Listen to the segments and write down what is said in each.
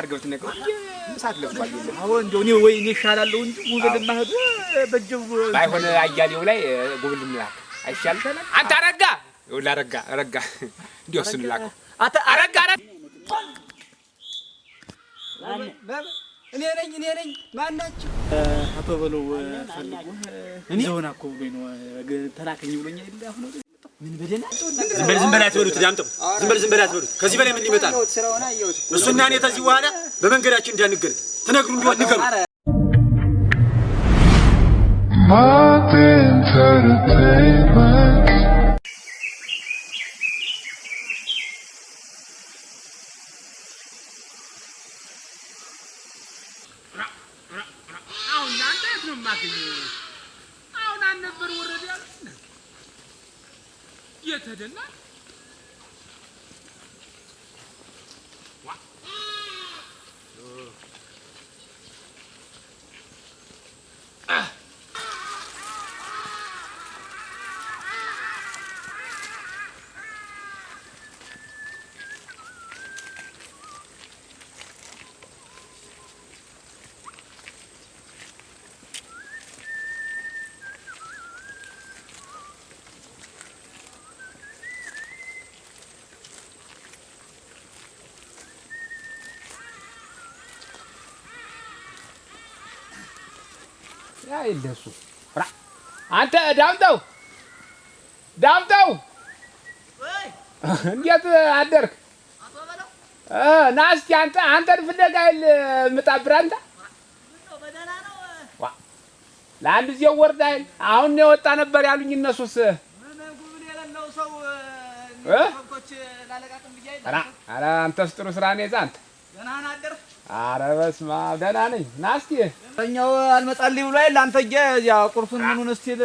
አርገው ትነቀው ምሳት ለፍቷል። አሁን እንደው እኔ ወይ እኔ እሻላለሁ እንጂ ጉብልና ሄዶ በጀው ባይሆን አያሌው ላይ ጉብል ምላክ አይሻል ተላክ አንተ አረጋ ይኸውልህ፣ አረጋ አረጋ እንዲያው እሱን ላከው አንተ አረጋ አረጋ እኔ ነኝ እኔ ነኝ ማናችሁ? አቶ በለው ፈልጉ እኔ ሆና እኮ ብሎኝ ነው ተላከኝ ብሎኛል። አሁን ምን በደና ዝም በል ዝም በል አትበሉት፣ ዳምጠው ዝም በል ዝም በል አትበሉት። ከዚህ በላይ ምን ይመጣል? እሱና እኔ ተዚህ በኋላ በመንገዳችን እንዳንገናኝ ትነግሩ እንደሆን ንገሩ። አሁን እናንተ ወረድ ያለ niyet edinler ያ አንተ ዳምጠው ዳምጠው እንዴት አደርክ? ና እስኪ አንተ አንተን ፍለጋ ይል ምጣብር አንተ ለአንድ ጊዜ ወርዳ ይል አሁን የወጣ ነበር ያሉኝ እነሱስ አንተስ ጥሩ ስራ ነው የዛ አንተ ኧረ በስመ አብ ደህና ነኝ። ና እስኪ እኛው አልመጣልኝ ብሎ አይደል አንተ እየ እዚያ ቁርሱን ምኑን እስኪል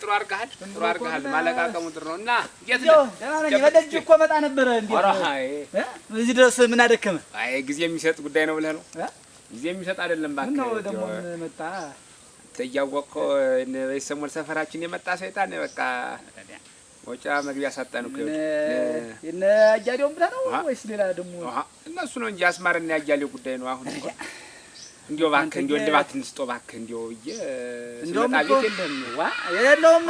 ጥሩ አድርገሃል፣ ጥሩ አድርገሃል። ማለቃቀሙ ጥሩ ነው። እና እንዴት ነህ? ደህና ነኝ። በደጅ እኮ መጣ ነበረ። እንዴት እዚህ ድረስ ምን አደከመ? አይ ጊዜ የሚሰጥ ጉዳይ ነው ብለህ ነው። ጊዜ የሚሰጥ አይደለም እባክህ። ምነው ደግሞ መጣ አንተ እያወቅኸው የሰሞን ሰፈራችን የመጣ ሰይጣን በቃ ወጫ መግቢያ ሳጣን እኮ እነ አያሌውን ብላ ነው ወይስ ሌላ ደግሞ? እነሱ ነው እንጂ አስማርና ያያሌው ጉዳይ ነው። አሁን እንዲያው እባክህ እንዲያው እልባት እንስጦ እባክህ እንዲያው ብዬ ስመጣ የለውም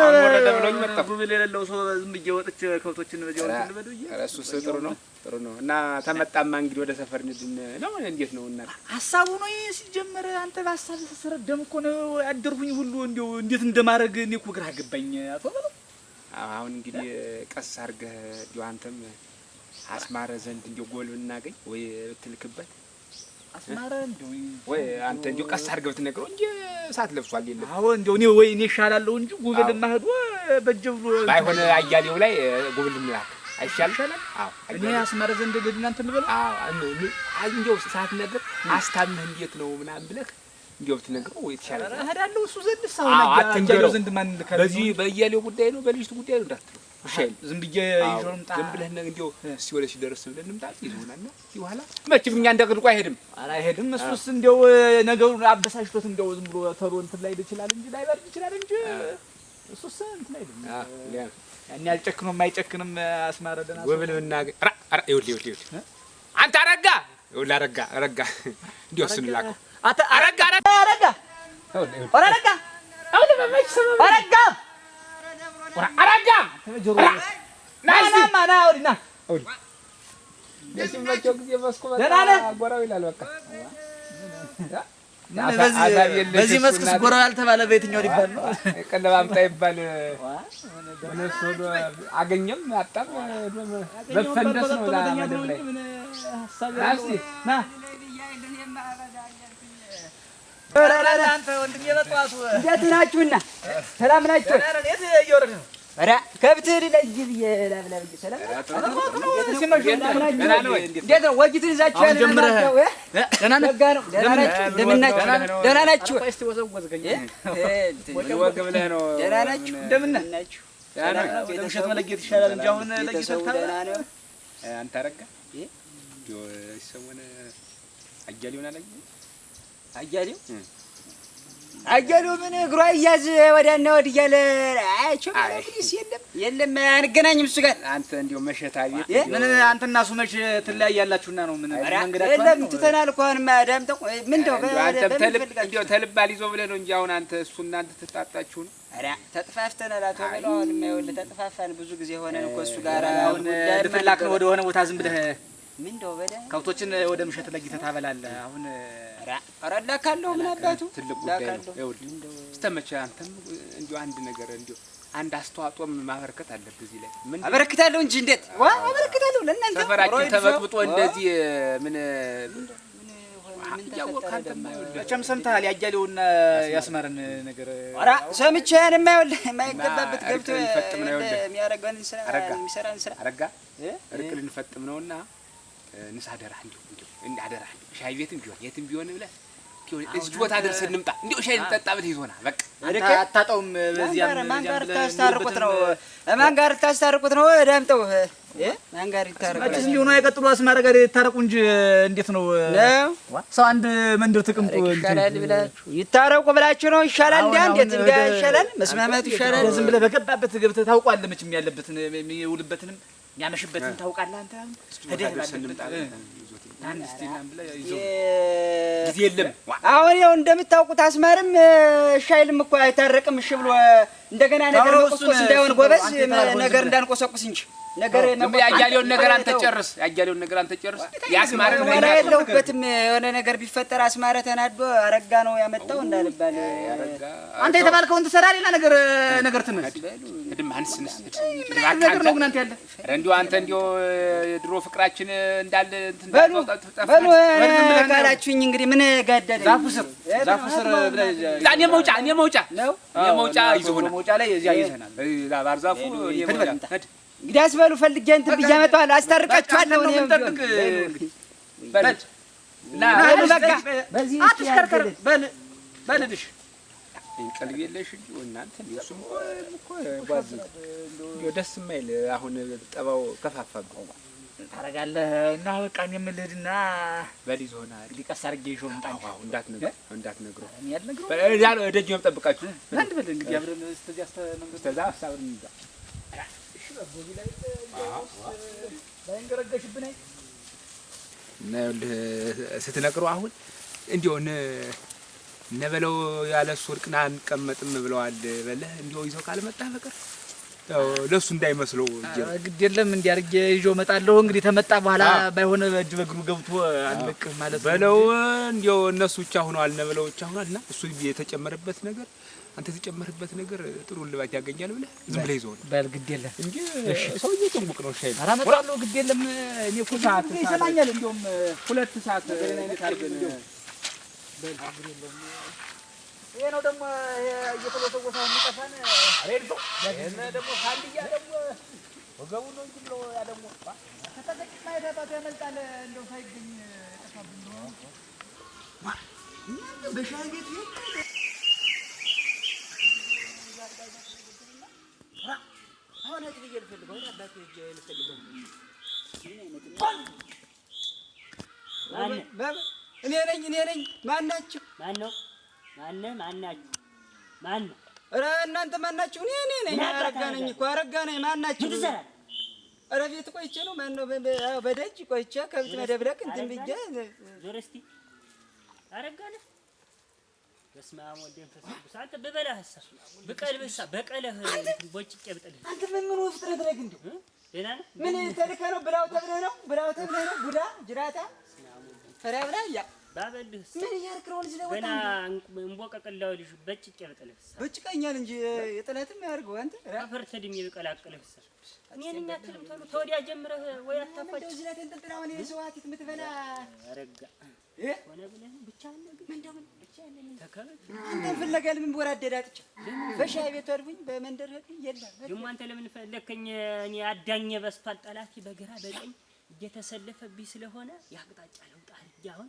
ብሎኝ መጣሁ። ጉብል የሌለው ሰው ዝም ብዬ ወጥቼ ከብቶችን በዚያው እንትን ልበል ብዬ ኧረ እሱስ ጥሩ ነው ጥሩ ነው። እና ተመጣማ እንግዲህ ወደ ሰፈር እንድን ነው እንዴት ነው? እና ሀሳቡ ነው ይሄ ሲጀመር አንተ በሀሳብ ስረደም እኮ ነው ያደርኩኝ ሁሉ እንዲያው እንዴት እንደማደርግ እኔ እኮ ግራ ገባኝ አቶ በለው አሁን እንግዲህ ቀስ አድርገህ እንዲያው አንተም አስማረ ዘንድ እንዲያው ጎል ብናገኝ ወይ ብትልክበት አስማረ እንዲያው ወይ አንተ እንዲያው ቀስ አድርገህ ብትነግረው እንጂ እሳት ለብሷል የለም። አዎ እንዲያው እኔ ወይ እኔ እሻላለሁ እንጂ ጉብል ማህዶ በእጄ ብሎ ባይሆን አያሌው ላይ ጉብል እንላክ አይሻል ይሻላል። አዎ እኔ አስማረ ዘንድ ልድናንተ ልበል። አዎ እንዲያው ሰዓት ነገር አስታምህ እንዴት ነው ምናምን ብለህ እንዲያው ብትነግረው የተሻለ እሄዳለሁ እሱ ዘንድ ዘንድ ማን አትንገረው። በዚህ በእያሌው ጉዳይ ነው በልጅቱ ጉዳይ ነው እንዳትለው። ዝም ብዬ ይዤው ልምጣ ዝም ብለህ እንዲያው እስኪ ወደ ሲደርስ ብለን ልምጣ ይሆናል። በኋላ መቼም እኛ እንደ ቅድቁ አይሄድም አይሄድም። እሱስ እንዲያው ነገሩን አበሳሽቶት እንዲያው ዝም ብሎ ተሮ እንትን ላይ ይችላል እንጂ ላይበርድ ይችላል እንጂ እሱስ እንትን አይልም። ያኔ አልጨክኖም አይጨክንም። አስማረ ደህና ወይ ብለህ ብናገኝ ኧረ ኧረ ይኸውልህ ይኸውልህ ይኸውልህ አንተ አረጋ ይኸውልህ አረጋ አረጋ እንዲያው እሱን አረጋ አረጋ አረጋ አረጋ አረጋ ናማ ና ወዲህ ና ሲመቸው ጊዜ መስኩ ጎራው ይላል። በዚህ መስክስ ጎራው ያልተባለ በየትኛው ሊባል ነው? ቀለብ አምጣ ይባል አገኘም አጣም መፈንደስ ነው። እንዴት ናችሁና? ሰላም ናችሁ? ኧረ ከብትህን ለእጅ ብዬ እንዴት ነው ወጊቱን ይዛችሁ ደህና ናችሁ? ውሸት መለጌት ይሻላል እንጂ አሁን ለጊዜው አንተ አረጋ ይሰሙን አያሌውን አላየኸውም? አያሌው አያሌው ምን እግሯ እያዝ ወዲያና ወዲህ እያለ አያቸው። የለም የለም፣ አንገናኝም እሱ ጋር አንተ እንዲያው መሸታ ቤት ምን አንተ እሱ መቼ ትለያያላችሁና ነው? ምን የለም ትተናል እኮ አሁንማ ዳምጠው ምን እንደው አንተም ተልብ ብለህ ነው እንጂ አሁን አንተ እሱ እናንተ ትጣጣችሁ ነው? ተጥፋፍተናል። አቶ ብሎ አሁንማ ይኸውልህ ተጥፋፋን ብዙ ጊዜ ሆነን እኮ እሱ ጋር አሁን ልትላክ ነው ወደ ሆነ ቦታ ዝም ብለህ ከብቶችን ወደ ምሸት ለጊተ ታበላለህ። አሁን ረላካለሁ ምን አባቱ ትልቅ ጉዳይ ነው። ይኸውልህ አንተም እንዲሁ አንድ ነገር እንዲሁ አንድ አስተዋጽኦም ማበረከት አለብህ። እዚህ ላይ ምን አበረክታለሁ እንጂ እንዴት ዋ አበረክታለሁ። ለእናንተ ሰፈራችን ተበጥብጦ እንደዚህ ምን መቼም ሰምተሃል ያያሌውና ያስመርን ነገር ኧረ ሰምቼህን የማይወል የማይገባበት ገብቶ የሚያረገውን ስራ የሚሰራን ስራ አረጋ እርቅ ልንፈጥም ነውና ንስ አደራህ እንዲሁ እንዲሁ እንደ አደራህ እንዲሁ ሻይ ቤትም ቢሆን የትም ቢሆን ብለህ እስኪ ቦታ ድረስ እንምጣ። እንዲሁ ሻይ ልጠጣ ብለህ ይዞና በቃ አታጣውም። በዚያም ማን ጋር ታስታርቁት ነው? ማን ጋር ታስታርቁት ነው? ዳምጠው ማን ጋር ይታረቁ? እንዲሁ ነው። የቀጥሎ አስማራ ጋር ይታረቁ እንጂ እንዴት ነው ሰው አንድ መንደር ተቀምጦ ይታረቁ ብላችሁ ነው? ይሻላል እንደ እንዴት እንደ ይሻላል መስማማቱ ይሻላል። ዝም ብለህ በገባበት ገብተህ ታውቋለህ መቼም ያለበትን የሚውልበትንም የሚያመሽበትን ታውቃለህ አንተ። ሄደህ ጊዜ የለም አሁን። ያው እንደምታውቁት አስማርም እሺ አይልም እኮ አይታረቅም እሺ ብሎ እንደገና ነገር መቆስቆስ እንዳይሆን ጎበዝ ነገር እንዳንቆሰቁስ እንጂ ነገር ነው። ያያሌውን ነገር አንተ ጨርስ፣ ያያሌውን ነገር አንተ ጨርስ። ያስማረ ነገር የለሁበትም። የሆነ ነገር ቢፈጠር አስማረ ተናዶ አረጋ ነው ያመጣው እንዳልባል አንተ የተባልከውን ትሰራ ሌላ ነገር ነገር ትምህርት ድም አንስ ንስ ነገር ነው ግን አንተ ያለ እንዲሁ አንተ እንዲሁ ድሮ ፍቅራችን እንዳለ በሉ በሉ ካላችሁኝ እንግዲህ ምን ጋዳል ዛፉ ስር ዛፉ ስር እኔ መውጫ እኔ መውጫ ነው እኔ መውጫ ይዘውና መውጫ ላይ እዚያ ይዘናል። ባህር እንግዲህ አስበሉ ፈልጌ እንትን ብዬሽ አመጣዋለሁ። አስታርቃችኋለሁ ነው የምንጠብቅ አትሽከርከር በልልሽ ደስ የማይል አሁን ጠባው ከፋፋብኝ ታረጋለህ እና በቃ እኔ የምልህድና በል ይዞና ሊቀስ አድርጌ ይዞ መጣ። እንዳትነግረው እንዳትነግረው ደጅ ነው አንድ በል እንግዲህ አብረን እስከዚያ አብረን እንሂዳ። ባይንገረገሽብን እና ስትነግረው አሁን እንዲያው እነ በለው ያለ እሱ ወድቅና አንቀመጥም ብለዋል። በለህ እንዲያው ይዘው ካልመጣህ በቀር ለሱ እንዳይመስለው ግድ የለም እንዲያርጌ ይዞ እመጣለሁ። እንግዲህ ተመጣ በኋላ ባይሆነ እጅ በእግሩ ገብቶ አልለቅም ማለት በለው። እንዲያው እነሱ ብቻ ሆነዋል ነው ብቻ ሆኗል። እና እሱ የተጨመረበት ነገር አንተ የተጨመረበት ነገር ጥሩ ልባት ያገኛል ብለህ ዝም ብለህ ይዘው በል። ግድ የለም እንጂ ሰውዬ ጥንቡቅ ነው። ሻይ ኧረ እመጣለሁ። ግድ የለም እኔ እኮ ሰዓት ይሰማኛል። እንዲያውም ሁለት ሰዓት በል ግድ የለም ይሄ ነው ደግሞ እየተወሰወሰ የሚጠፋን አሬድ ነው። ደግሞ ሳንድያ ደግሞ ወገቡ ነው እንጂ ብሎ ያ ደግሞ ከተጠቂ ማየት ያመልጣል። እንደው ሳይገኝ ጠፋብን ነው በሻይ አሁን እዚህ ብዬ ልፈልገው አባቴ እኔ ነኝ እኔ ነኝ። ማን ማን ነው? ማነ ማናችሁ? ማን ነው? ኧረ እናንተ ማናችሁ? እኔ እኔ ነኝ። አረጋ ነኝ እኮ አረጋ ነኝ። ማናችሁ? ኧረ ቤት ቆይቼ ነው። ማን ነው? በደጅ ቆይቼ ከብት መደብለቅ እንትን ብዬ ዞር እስኪ። አረጋ ነህ? በስመ አብ ወልድ መንፈስ ቅዱስ። አንተ በበላህሳ በቀልብህሳ በቀለህ ቦጭቄ ብጥልህ አንተ ምን ምን ፍጥረት ነህ? እንዲሁ ደህና ነህ? ምን ተልከህ ነው? ብላው ተብለህ ነው? ብላው ተብለህ ነው? ቡዳ ጅራታ ፈሪያ ብላ ያ ባበልህስ ምን እያደረክ ነው? ልጅ እንቦቀቅላው ልጅ በጭቅ በጭቃኛል እንጂ አንተ አፈር እኔን ቶሎ ተወዲያ ጀምረህ ወይ አታፋጭ የምትበላ አረጋ ሆነ ብለህ ብቻ ነው ግን ብቻ አንተን ፍለጋ ለምን በሻይ ቤት በመንደር የለም ደግሞ አንተ ለምን ፈለከኝ? እኔ አዳኘ በስቷል በግራ በቀኝ እየተሰለፈብኝ ስለሆነ ለውጥ አድርጌ አሁን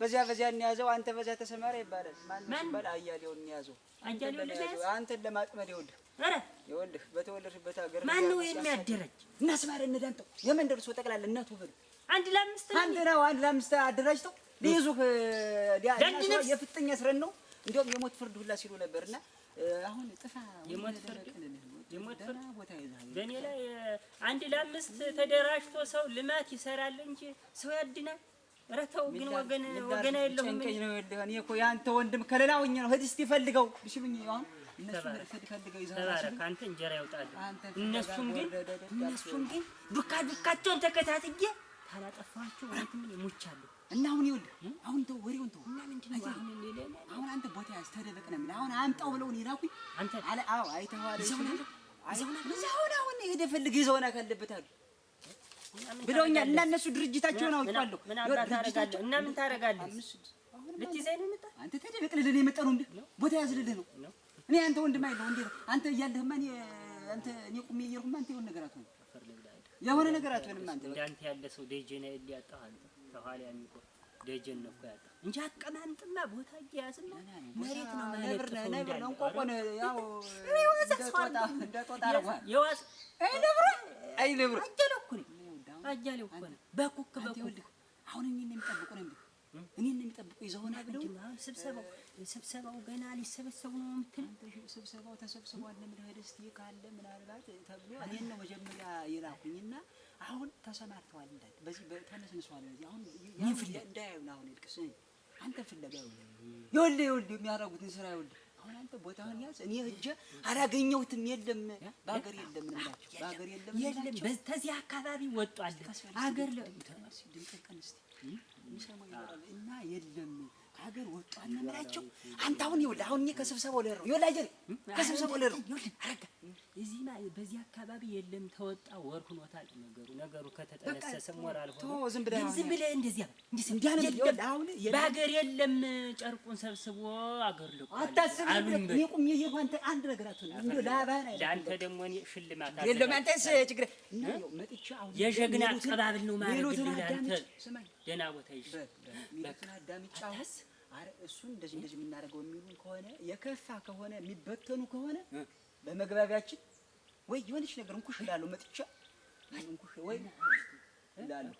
በዚያ በዚያ እንያዘው አንተ በዚያ ተሰማራ ይባላል። ማን ይባል? አያሌውን እንያዘው አንተን ለማጥመድ ይኸውልህ፣ ኧረ ይኸውልህ በተወለድሽበት ሀገር ማን ነው የሚያደራጅ? እናስማረ እንዳንተው የመንደሩ ሰው ጠቅላላ እናቱ ብር አንድ ለአምስት አንድ ነው አንድ ለአምስት አደራጅተው ሊይዙህ የፍጥኝ ስረን ነው። እንዲያውም የሞት ፍርድ ሁላ ሲሉ ነበርና አሁን ጥፋ የሞት ፍርድ የሞት ፍርድ ቦታ ይዛል በእኔ ላይ አንድ ለአምስት ተደራጅቶ ሰው ልማት ይሰራል እንጂ ሰው ያድናል ኧረ ተው ግን ወገን ወገን የለውም። ጨንቀኝ ነው የለህ። እኔ እኮ የአንተ ወንድም ከሌላ ሆኜ ነው። ሂድ እስኪ ፈልገው ብሽብኝ አሁን ተባረክ እንጀራ ያውጣልህ። እነሱም ግን እነሱም ግን ዱካ ዱካቸውን ተከታትዬ ታላጠፋቸው እና አሁን ይኸውልህ አሁን ተው ወሬውን ተው። አሁን አንተ ቦታ ያዝ ተደበቅ ነው የሚለው። አሁን አምጣው ብለውን ይላኩኝ አንተ አለ። አዎ አይተኸዋል። ይዘውና አሁን አሁን ሄደህ ፈልግ ይዘውና ካለበት አሉ ብለውኛል እና እነሱ ድርጅታቸውን አውቀዋለሁ። እና ምን ታደርጋለህ? ልትይዘኝ ነው አንተ? ቦታ ያዝልልህ ነው። እኔ አንተ ወንድም አይደለሁ እንዴ? አንተ እያለህማ እኔ አንተ እኔ ቁሜ እየሄድኩማ አንተ የሆነ ነገር አትሆንም፣ የሆነ ነገር አትሆንም። አንተ እንደ አንተ ያለ ሰው ደጀን ያጣህ አንተ ተኋላ የሚቆም ደጀን ነው እኮ ያጣህ እንጂ አቀማምጥማ ቦታ እያያዝማ መሬት ነው ነብር ነብር ነው ነው ያው ይዋዛ ሰው አርጋ እንደ ጦጣ አርጓል ይዋዝ አይ ነብር አይ ነብር አጀለኩኝ አያሌው እኮ ነው በኩክ አሁን እኔን ነው የሚጠብቁ ነው የሚሉ እኔን ነው የሚጠብቁ ስብሰባው ስብሰባው ገና ሊሰበሰቡ ነው የምትል ስብሰባው ተሰብስቧል ለምድረስት ካለ ምናልባት ተብሎ እኔን ነው መጀመሪያ የላኩኝና አሁን ተሰማርተዋል እንዳለ በዚህ ተነስንሷል በዚህ አሁን እንዳያዩን አሁን ይልቅስ አንተ ፍለጋ ይኸውልህ ይኸውልህ የሚያደርጉትን ስራ ይኸውልህ አሁን አንተ ቦታውን ያዝ። እኔ ሂጅ አላገኘሁትም። የለም በሀገር የለም እንላቸው በሀገር የለም የለም። በዚህ አካባቢ ወጧል አገር እና የለም ሀገር ወጡ አንምራቸው። አንተ አሁን ይኸውልህ አሁን እኔ ከስብሰባው ልሄድ ነው። ይኸውልህ አየር ከስብሰባው ልሄድ ነው። ይኸውልህ አረጋ እዚህ በዚህ አካባቢ የለም ተወጣ ወር ሆኖታል። ነገሩ ነገሩ ከተጠነሰሰ ሞራል ሆኖ ዝም ብለህ ዝም ብለህ እንደዚያ እንዲህ እንዲህ አይደለም። አሁን በሀገር የለም ጨርቁን ሰብስቦ አገር ልቆ አታስብ። እኔ ቁም ይሄው አንተ አንድ ነገር አትሆን እንዴ ላባህን አይደለም ለአንተ ደግሞ እኔ ሽልማት አለ የለም። አንተስ ችግር መጥቼ አሁን የጀግና አቀባበል ነው ማለት ነው። አንተ ደህና ቦታ ይሽ በቃ አዳምጫው አረ እሱ እንደዚህ እንደዚህ የምናደርገው የሚሉን ከሆነ የከፋ ከሆነ የሚበተኑ ከሆነ በመግባቢያችን ወይ የሆነች ነገር እንኩሽ እላለሁ መጥቻ እንኩሽ ወይ እላለሁ።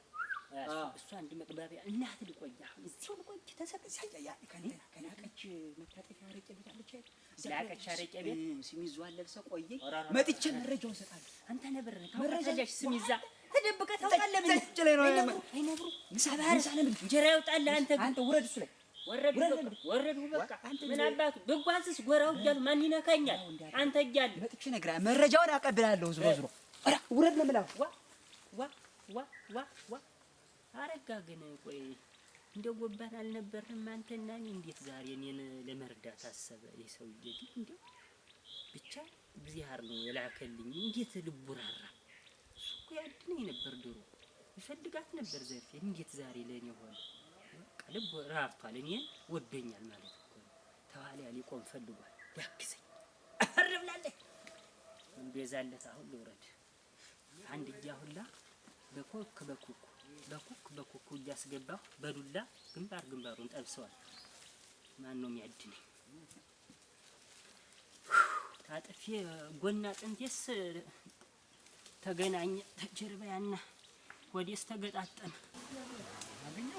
እሱ አንድ መግባቢያ እናት ልቆይ አሁን እዚሁ ልቆይ ተሰቅሳቀች መታጠፊያ አረቄ ቤት አለች ላቀች አረቄ ቤት ስም ይዞ አለብሰ ቆይ መጥቼ መረጃውን እሰጣለሁ። አንተ ነበር መረጃች ስም ይዛ ታውቃለህ። ምን ላይ ነው ምሳ ነብሩ እንጀራ ያውጣልህ። አንተ ግን ውረድ እሱ ላይ ወረዱ ወረዱ። በቃ ምን ብጓዝስ ጎራው እያሉ ማን ይነካኛል? አንተ እያለ መጥቼ ነግራ መረጃውን አቀብላለሁ። ዝሮ ዝሮ ውረድ ነው የምላው። ዋ ዋ ዋ ዋ ዋ እንደ ጎባን አልነበርንም እንዴት ዛሬ ለመርዳት አሰበ ይሄ ሰውዬ? ብቻ ልቡ ራራ እኮ ያድነኝ ነበር። ድሮ ይፈልጋት ነበር ዘርፌ። እንዴት ዛሬ ለእኔ ሆነ? ልብ ረሀብቷል፣ እኔን ወደኛል ማለት እኮ ነው። ተኋላ ሊቆም ፈልጓል። ያግዘኝ አርብላለህ እንቤዛለት አሁን ልውረድ። አንድ እያ ሁላ በኮክ በኩኩ በኩክ በኩኩ እያስገባሁ በዱላ ግንባር ግንባሩን ጠብሰዋል። ማን ነው የሚያድነኝ? ታጥፌ ጎና ጥንቴስ ተገናኘ ተጀርባ ያና ወዴስ ተገጣጠመ አገኘሁ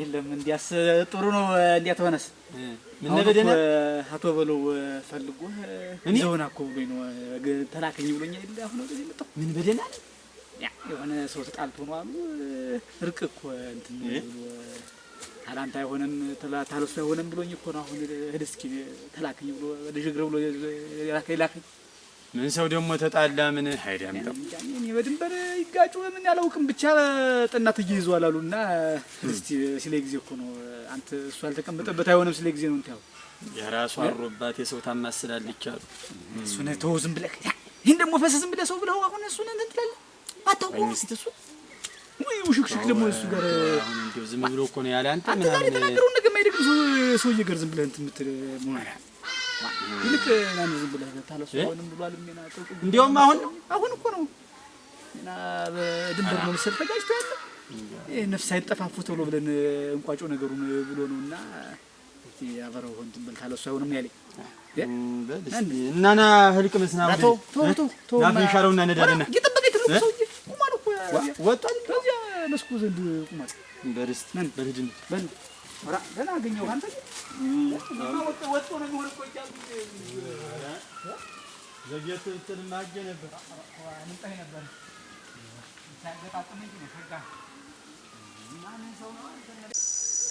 የለም እንዲያስ ጥሩ ነው። እንዴት ሆነስ? ምን በደና አቶ በለው ፈልጎ እኔ ዘውና እኮ ብሎኝ ነው ተላከኝ ብሎኝ አይደል? አሁን ወደዚህ መጣሁ። ምን በደና ያ የሆነ ሰው ተጣልቶ ነው አሉ። እርቅ እኮ እንትን ታላንታ አይሆንም ታለሱ አይሆንም ብሎኝ እኮ ነው አሁን። ሂድ እስኪ ተላከኝ ብሎ ወደ ጅግረ ብሎ የላከኝ ምን ሰው ደግሞ ተጣላ ምን ሀይድ ያምጣው። እኔ በድንበር ይጋጩ ምን ያላውቅም። ብቻ ጥናት እየይዟል አሉ እስቲ ስለ ጊዜ እኮ ነው አንተ እሱ አልተቀመጠበት አይሆንም። ስለ ጊዜ ነው እንታው የራሱ አሮባት የሰው ታማስላለች አሉ። እሱን ተወው ዝም ብለህ ይህን ደግሞ ፈሰስ ዝም ብለህ ሰው ብለው አሁን እሱን እንትን ትላለህ አታውቁም። እስቲ እሱ ወይ ውሽክሽክ ደግሞ እሱ ጋር አሁን እንደው ዝም ብሎ እኮ ነው ያለ አንተ ምናምን ተናግረውን ነገር የማይደግም ሰውዬ ጋር ዝም ብለህ እንትን የምትል መሆን ይልቅ ናን ዝም ብለህ ታለሱ አሁንም ብሏል። ሜና ጥቁ እንዲያውም አሁን አሁን እኮ ነው ሜና በድንበር ነው መሰል ተጋጭቶ ያለ ነፍስ አይጠፋፉ ተብሎ ብለን እንቋጮ ነገሩን ብሎ ነው እና አበረው ሆን ድንበል ታለሱ አይሆንም ያለኝ እና ህልቅ መስና ቶ ቶ ቶ ናፍንሻረው እና ነዳልና እየጠበቀኝ ነው ሰውዬ ቁማል እኮ ወጣል በዚያ መስኩ ዘንድ ቁማል በርስት በልድን በልድ ደህና አገኘሁ አንተ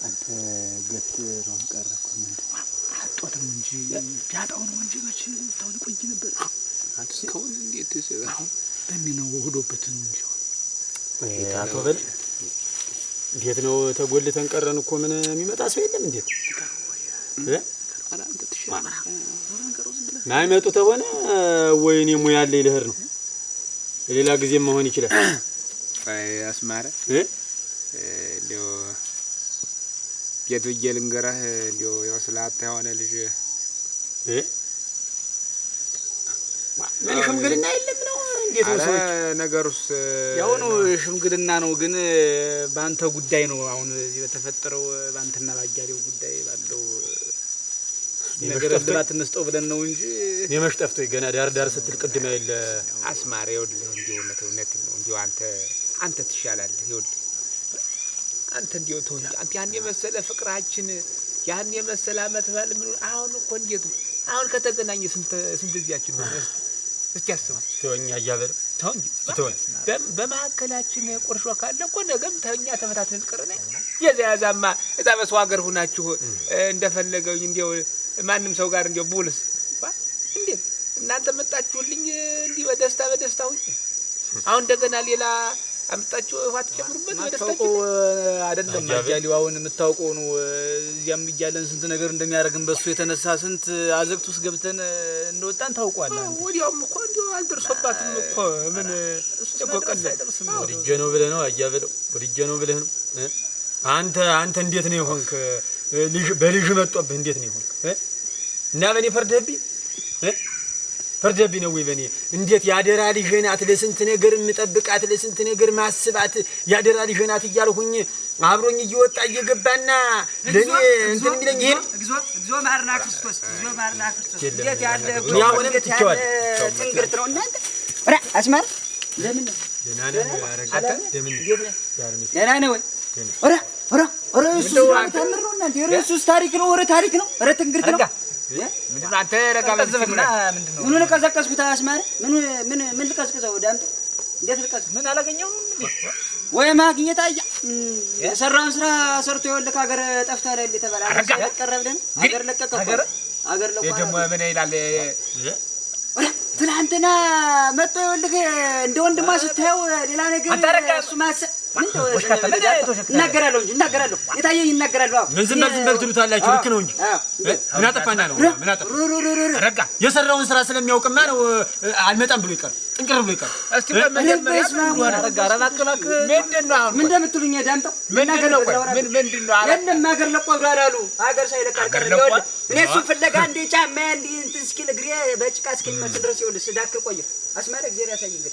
አንተ ገፍትሮን ቀረ አጦትም እንጂ ቢያጣው ነው እንጂ መች እስካሁን ይቆይ ነበር። አንተ እስካሁን እንዴት በሚነው እሑዶበትን እንጂ አቶ በል እንዴት ነው ተጎልተን ቀረን እኮ ምን የሚመጣ ሰው የለም። እንዴት ማይመጡ ተሆነ ወይ እኔ ሙያ አለኝ ልሄድ ነው። ሌላ ጊዜም መሆን ይችላል። አይ አስማረ እንዲያው ቤቱ እየ ልንገረህ እንዲያው ያው ስላታ የሆነ ልጅ ምን ሽምግልና የለም ነው እንዴት ነው ሰዎች ነገሩስ? ያው ነው ሽምግልና ነው፣ ግን በአንተ ጉዳይ ነው። አሁን እዚህ በተፈጠረው በአንተና ባጃዴው ጉዳይ ባለው ነገር እልባት እንስጠው ብለን ነው እንጂ የመሽጠፍቶ ጠፍቶኝ ገና ዳር ዳር ስትል ቅድም ያለ አስማሪ ይኸውልህ፣ እንዲሁ እውነት እውነት ነው። እንዲሁ አንተ አንተ ትሻላለህ። ይወድ አንተ እንዲሁ ተወኝ። አንተ ያን የመሰለ ፍቅራችን ያን የመሰለ አመት ባል ምን አሁን እኮ እንዴት አሁን ከተገናኘ ስንት ስንት እዚያችን ነው እስቲ አስበው። ተወኛ እያበለ ተው እንጂ ተወኝ። በመሀከላችን ቁርሾ ካለ እኮ ነገም ተኛ ተፈታትን ቅርነ የዛ ያዛማ እዛ በሰው ሀገር ሁናችሁ እንደፈለገው እንዲው ማንም ሰው ጋር እንዲው ቡልስ እንዴት እናንተ መጣችሁልኝ እንዲህ በደስታ በደስታ ሁኝ። አሁን እንደገና ሌላ አምጣችሁ ውሃ ትጨምሩበት በደስታችሁ አይደለም። አጃሊዋውን የምታውቀው ነው። እዚያም እያለን ስንት ነገር እንደሚያደርግን በሱ የተነሳ ስንት አዘቅት ውስጥ ገብተን እንደወጣን ታውቋለህ። ወዲያውም እኮ እንዲያው አልደርሶባትም እኮ ምን ወድጄ ነው ብለህ ነው አያ ብለው ወድጄ ነው ብለህ ነው አንተ አንተ እንዴት ነው የሆንክ? በልጅ መጦብህ እንዴት ነው የሆንክ? እና በእኔ ፈርደህብኝ ፈርደብኝ ነው ወይ በእኔ እንዴት ያደራ ልጄ ለስንት ነገር የምጠብቃት ለስንት ነገር ማስባት ያደራ ልጄ ናት እያልሁኝ አብሮኝ እየወጣ እየገባና ለኔ እንትን የሚለኝ ይሄ እግዚኦ ማርና ክርስቶስ እግዚኦ ማርና ክርስቶስ እንዴት ያለ ትንግርት ነው እናንተ ራ አስማር ለምን ደህና ነህ ወይ ራ ራ ራ እሱስ ታሪክ ነው ኧረ ታሪክ ነው ኧረ ትንግርት ነው ምንድነው አንተ ረጋ በልና ምኑን ቀዘቀዝኩት? አስማረ ምን ምን ምን ልቀዝቅዘው? ዳምጥ እንዴት ልቀዝ? ምን አላገኘሁም ወይ ማግኘት? አያ የሰራውን ስራ ሰርቶ ይኸውልህ ሀገር ጠፍተህ ላይ ተበላ ቀረብልን ሀገር ለቀቀ ሀገር ለቀቀ። ደግሞ ምን ይላል ትናንትና መጥቶ ይኸውልህ እንደ ወንድማ ስታየው ሌላ ነገር እሱ ማሰብ እናገራለሁ ትሉታላችሁ። ልክ ነው እንጂ ምን አጠፋና ነው? ምን አጠፋ? ረጋ የሰራውን ስራ ስለሚያውቅማ ነው አልመጣም ብሎ ይቀር ጥንቅር ብሎ ይቀር። እስቲ ፍለጋ በጭቃ እስኪመስል ድረስ ይኸውልህ ስዳክል አስማረ ጊዜ ያሳይ እንግዲህ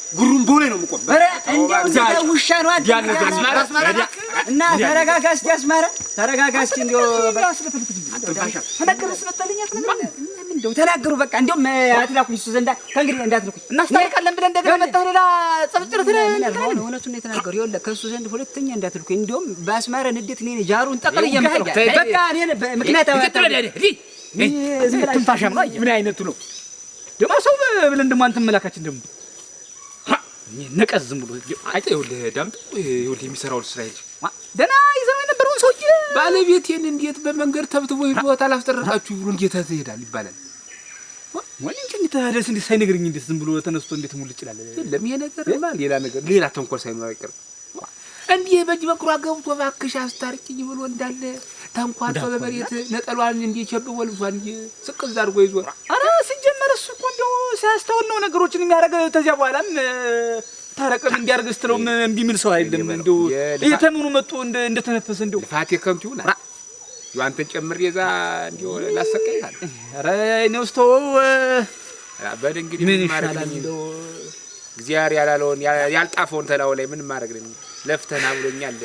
ጉሩም ቦሌ ነው የምቆም። እንደው ውሻ ነው እና ተረጋጋ እስኪ አስማረ፣ ተረጋጋ እስኪ እንደው ተናገሩ በቃ። እንደውም አትላኩኝ እሱ ዘንዳ ከእንግዲህ እንዳትልኩኝ እናስታርቃለን ብለህ እንደገና መጣህ ሌላ ጸብጭር ትለህ እውነቱን የተናገሩ ይኸውልህ፣ ከእሱ ዘንድ ሁለተኛ እንዳትልኩኝ። እንደውም በአስማረ ንዴት እኔ ጃሩን ጠቅል እየምጥለው በቃ ምክንያት ዝም ምን አይነቱ ነው ደግሞ ሰው ብለን ደግሞ አንተን መላካችን ደግሞ ነቀዝ ዝም ብሎ አይተ ይኸውልህ፣ ይኸውልህ፣ የሚሰራውን ስራ ደህና ይዘው የነበረውን ሰውዬ ባለቤቴን እንዴት በመንገድ ተብትቦ ሂዷት አላስጠረቃችሁ ብሎ እንዴት ትሄዳል ይባላል። እንጂ ሳይነግርኝ እንዴት ዝም ብሎ ተነስቶ እንዴት ሙሉ ይችላል? የለም ይሄ ነገር ሌላ ነገር ሌላ ተንኮል ሳይኖር አይቀርም። እንዲህ በእጅ በኩራ ገብቶ እባክሽ አስታርቂኝ ብሎ እንዳለ ተንኳቶ በመሬት ነጠሏን እንዲህ ቸብ ወልብሷን ስቅዝ አድርጎ ይዞ አረ ሲጀመር እሱ እኮ እንደው ሳያስተውል ነው ነገሮችን የሚያደርግ። ተዚያ በኋላም ታረቀም እንዲያርግ ስትለውም እምቢ የሚል ሰው አይደለም። እንደው እየተምኑ መጡ እንደተነፈሰ እንደው ልፋቴ ከንቱ ይሆናል። አንተን ጨምር እዛ እንዲሁ ላሰቀይታል። ኧረ እኔ ውስጥ በል እንግዲህ ምን ይሻላል እንደው እግዚአብሔር ያላለውን ያልጣፈውን ተላው ላይ ምን ማድረግ ነው? ለፍተና ብሎኛል።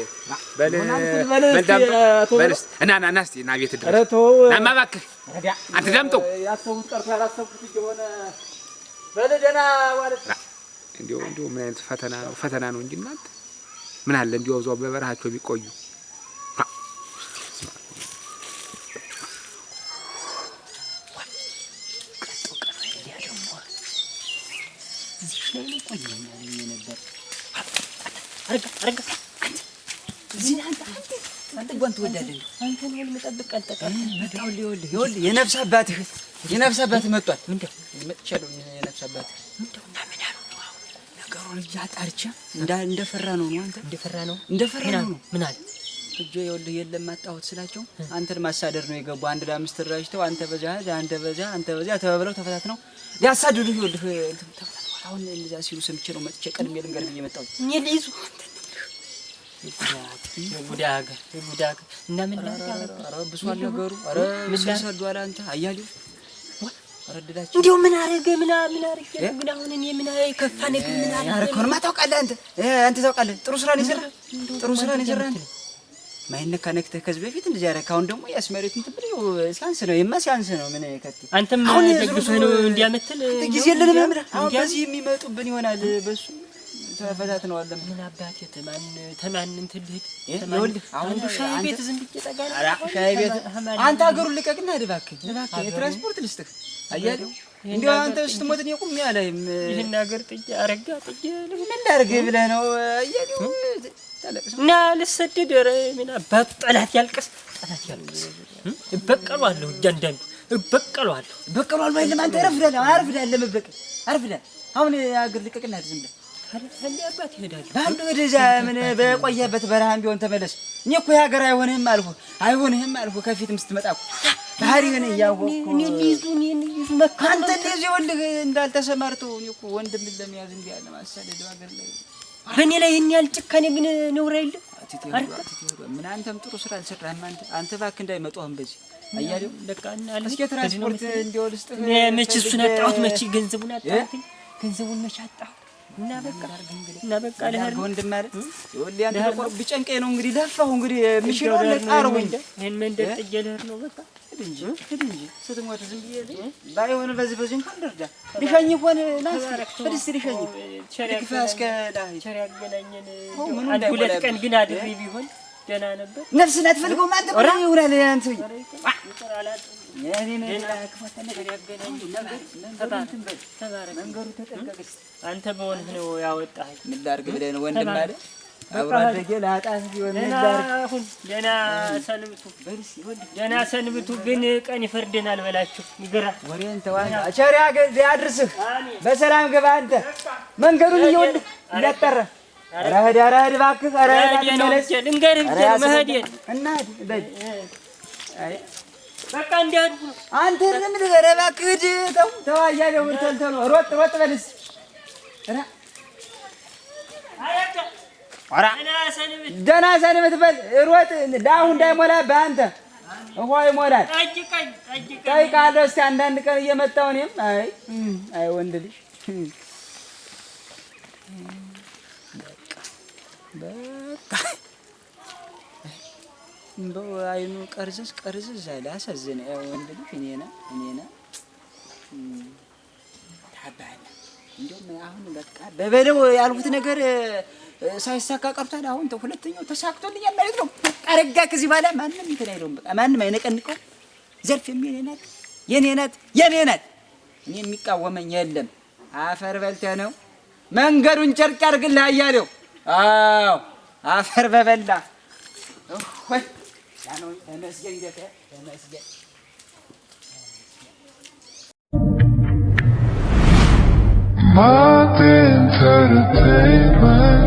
በል እና ና ና ና ቤት ድረስ እባክህ አንተ ዳምጠው ያሰቡት ምን አይነት ፈተና ነው ፈተና ነው እንጂ እናንተ ምን አለ እንዲያው እዛው በበረሃቸው ቢቆዩ የነፍስ አባትህ የነፍስ አባትህ መጥቷል። ነገሩን አጣርቼ እንደፈራ ነው አንተ እንደፈራ ነው እንደፈራ ነው። ምን አለ እጆ ይኸውልህ፣ የለም ማጣሁት ስላቸው አንተን ማሳደር ነው የገቡ። አንድ ለአምስት ራጅተው አንተ በዚያ አንተ በዚያ አንተ በዚያ ተባብለው ተፈታትነው ሊያሳድዱህ ይኸውልህ አሁን እንደዚያ ሲሉ ሰምቼ ነው መጥቼ ቀድሜ ልንገር ብዬ መጣሁ። እኔ ልይዙ እንዲሁ ምን አረገ? ምን ምን አረገ? አሁን እኔ ምን ከፋ ነገር ምን አረገ? ታውቃለህ አንተ አንተ ታውቃለህ። ጥሩ ስራ ነው ጥሩ ስራ ነው ማይነካ ነክተህ ከዚህ በፊት እንደዚህ ያረክ አሁን ደግሞ ያስመሬት እንትን ብለው ሲያንስ ነው የማ ሲያንስ ነው ምን ከት አንተም አሁን ደግሶ ነው እንዲያመትል ጊዜ የለንም። ያምራ አሁን በዚህ የሚመጡብን ይሆናል። በሱ ተፈታት ነው አለም ምን አባት የተማን ተማን እንትን ልሂድ ይኸውልህ። አሁን ሻይ ቤት ዝም ብዬ ጠጋለሁ። ኧረ ሻይ ቤት አንተ አገሩን ልቀቅና እባክህ እባክህ የትራንስፖርት ልስጥህ አያሌው እንዲሁ አንተ ስትሞት እኔ ቁሜ አላይም። ይህን ሀገር ጥዬ አረጋ ጥዬ ምን ላድርግ ብለህ ነው አያሌው እና ልሰደድ ኧረ ምን አባት ጠላት ያልቅስ ጠላት ያልቅስ። እበቀሏለሁ እያንዳንዱ እበቀሏለሁ እበቀሏል ወይ ለማን ተረፍዳል አርፍዳል ለመበቀል አርፍዳል። አሁን አገር ልቀቅና ዝም ብለህ አባት ይሄዳል ምን በቆየበት በረሃም ቢሆን ተመለስ። እኔ እኮ የሀገር አይሆንህም አልኩ አይሆንህም አልኩ ከፊትም ስትመጣ እኮ ባህሪ ሆነ እያወቅሁ አንተ ሊይዙ ይኸውልህ እንዳልተሰማርተው እኔ እኮ ወንድም ለመያዝ እንዲህ ያለ ማሳደድ ሀገር ላይ በእኔ ላይ ይህን ያህል ጭካኔ ግን ነውራ የለ። ምን አንተም ጥሩ ስራ አልሰራህም። አንተ አንተ እባክህ እንዳይመጡህም በዚህ አያሌው እስኪ ትራንስፖርት እንዲሆን ውስጥ መቼ እሱን አጣሁት፣ መቼ ገንዘቡን አጣሁት፣ ገንዘቡን መቼ አጣሁት። እና በቃ እና በቃ ልሄድ ወንድም ማለት ይኸውልህ፣ አንተ ቢጨንቀኝ ነው እንግዲህ ለፋሁ እንግዲህ የምችለው ለጣርጉኝ ይህን መንደር ጥዬ ልሄድ ነው በቃ ሂድ እንጂ ሂድ እንጂ ስትሞት ዝም ብዬ ባይሆን በዚህ በዚህ እንኳን ደርዳ ልሸኝ ሆን ናስስ ልሸኝ ክፋ እስከ ቸር ያገናኘን አንድ ሁለት ቀን ግን አድሬ ቢሆን ደህና ነበር። ነፍስን አትፈልገውም አንተ ይሆናል አንተ አንተ በሆንህ ነው ያወጣህ ምን ላድርግ ብለህ ነው ወንድም አለ ደህና ሰንብቱ። ግን ቀን ይፈርደናል በላችሁ ይገራ ወሬን ያድርስህ። በሰላም ግባ አንተ መንገዱን እየወልህ እንዳጠረ ረህድ ረህድ እባክህ ረህድ ልንገርህ መሄድ እና በቃ እንዲያድጉ አንተ ደህና ሰንብት በል። ሮጥ ዳሁ እንዳይሞላ በአንተ ውሃ ይሞላል። ጠይቃለሁ እስኪ አንዳንድ ቀን እየመጣሁ እኔም። አይ አይ ወንድ ልጅ በቃ አይኑ ቀርዝዝ ቀርዝዝ አለ። አሳዝን ወንድ ልጅ እኔና እኔና እንዲሁም አሁን በቃ በበለው ያልሁት ነገር ሳይሳካ ቀርቷል። አሁን ሁለተኛው ተሳክቶልኛል ማለት ነው። አረጋ ከዚህ በኋላ ማንም እንትን አይለውም። በቃ ማንም አይነቀንቀውም። ዘርፌም የኔ ናት፣ የኔ ናት፣ የኔ ናት። እኔ የሚቃወመኝ የለም። አፈር በልተህ ነው መንገዱን ጨርቅ ያድርግልህ አያሌው። አዎ አፈር በበላ ተመስገን፣ ተመስገን my things are